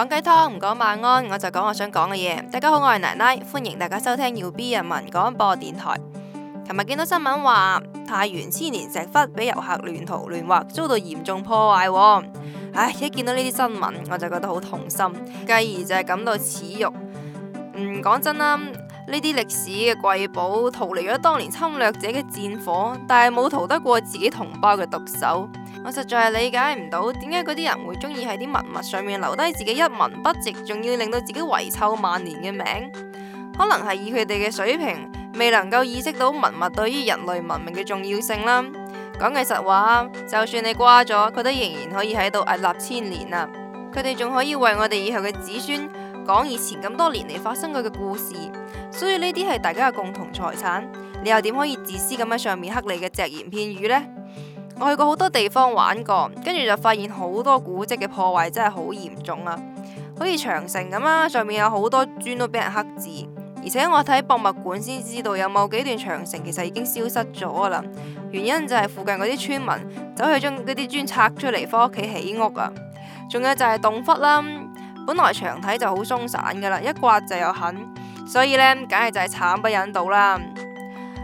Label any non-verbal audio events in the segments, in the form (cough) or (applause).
講雞湯唔講晚安，我就講我想講嘅嘢。大家好，我係奶奶，歡迎大家收聽要 B 人民廣播電台。琴日見到新聞話，太原千年石窟俾遊客亂塗亂畫，遭到嚴重破壞。唉，一見到呢啲新聞，我就覺得好痛心，繼而就係感到恥辱。唔、嗯、講真啦，呢啲歷史嘅瑰寶，逃離咗當年侵略者嘅戰火，但係冇逃得過自己同胞嘅毒手。我實在係理解唔到，點解嗰啲人會中意喺啲文物上面留低自己一文不值，仲要令到自己遺臭萬年嘅名？可能係以佢哋嘅水平，未能夠意識到文物對於人類文明嘅重要性啦。講句實話，就算你掛咗，佢都仍然可以喺度屹立千年啊！佢哋仲可以為我哋以後嘅子孫講以前咁多年嚟，發生過嘅故事。所以呢啲係大家嘅共同財產，你又點可以自私咁喺上面刻你嘅隻言片語呢？我去過好多地方玩過，跟住就發現好多古跡嘅破壞真係好嚴重啊！好似長城咁啦，上面有好多磚都俾人刻字，而且我睇博物館先知道有某幾段長城其實已經消失咗啦。原因就係附近嗰啲村民走去將嗰啲磚拆出嚟，返屋企起屋啊。仲有就係洞窟啦，本來牆體就好鬆散噶啦，一刮就有痕，所以呢，梗係就係慘不忍睹啦、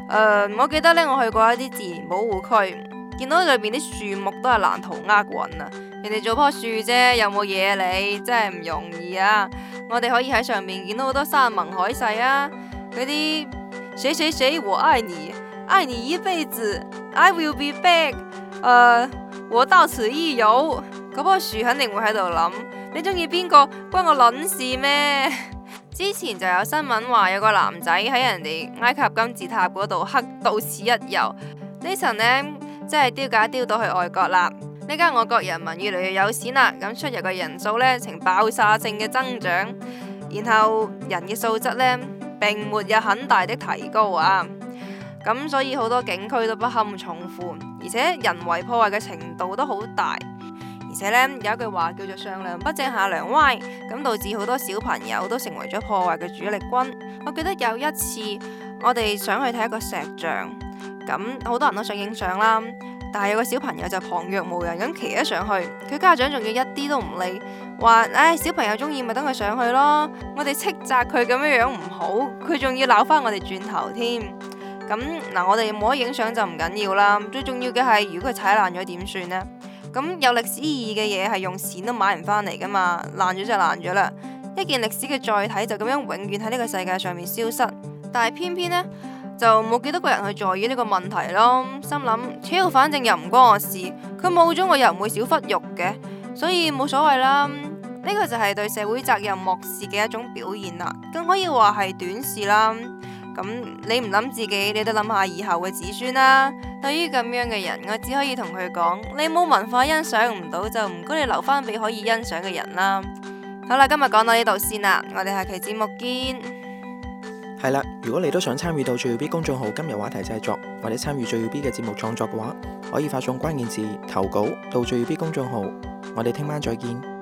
呃。我記得呢，我去過一啲自然保護區。見到裏邊啲樹木都係難逃厄運啊！人哋做棵樹啫，有冇嘢、啊、你真係唔容易啊！我哋可以喺上面見到好多山盟海誓啊！嗰啲誰誰誰我愛你，愛你一輩子，I will be back。誒，我到此一遊。嗰棵樹肯定會喺度諗，你中意邊個關我卵事咩？ (laughs) 之前就有新聞話有個男仔喺人哋埃及金字塔嗰度刻到此一遊呢層呢？即係丟架丟到去外國啦！而家外國人民越嚟越有錢啦，咁出入嘅人數呢，呈爆炸性嘅增長，然後人嘅素質呢並沒有很大的提高啊！咁所以好多景區都不堪重負，而且人為破壞嘅程度都好大，而且呢，有一句話叫做上梁不正下梁歪，咁導致好多小朋友都成為咗破壞嘅主力軍。我記得有一次我哋想去睇一個石像。咁好多人都想影相啦，但係有個小朋友就旁若無人咁企咗上去，佢家長仲要一啲都唔理，話唉，小朋友中意咪等佢上去咯，我哋斥責佢咁樣樣唔好，佢仲要鬧翻我哋轉頭添。咁嗱，我哋冇得影相就唔緊要啦，最重要嘅係如果佢踩爛咗點算呢？咁有歷史意義嘅嘢係用錢都買唔翻嚟噶嘛，爛咗就爛咗啦，一件歷史嘅載體就咁樣永遠喺呢個世界上面消失，但係偏偏呢？就冇幾多個人去在意呢個問題咯，心諗，超，反正又唔關我事，佢冇咗我又唔會少忽肉嘅，所以冇所謂啦。呢個就係對社會責任漠視嘅一種表現啦，更可以話係短視啦。咁你唔諗自己，你都諗下以後嘅子孫啦。對於咁樣嘅人，我只可以同佢講，你冇文化欣賞唔到，就唔該你留翻俾可以欣賞嘅人啦。好啦，今日講到呢度先啦，我哋下期節目見。係啦，如果你都想參與到最 U B 公眾號今日話題製作，或者參與最 U B 嘅節目創作嘅話，可以發送關鍵字投稿到最 U B 公眾號。我哋聽晚再見。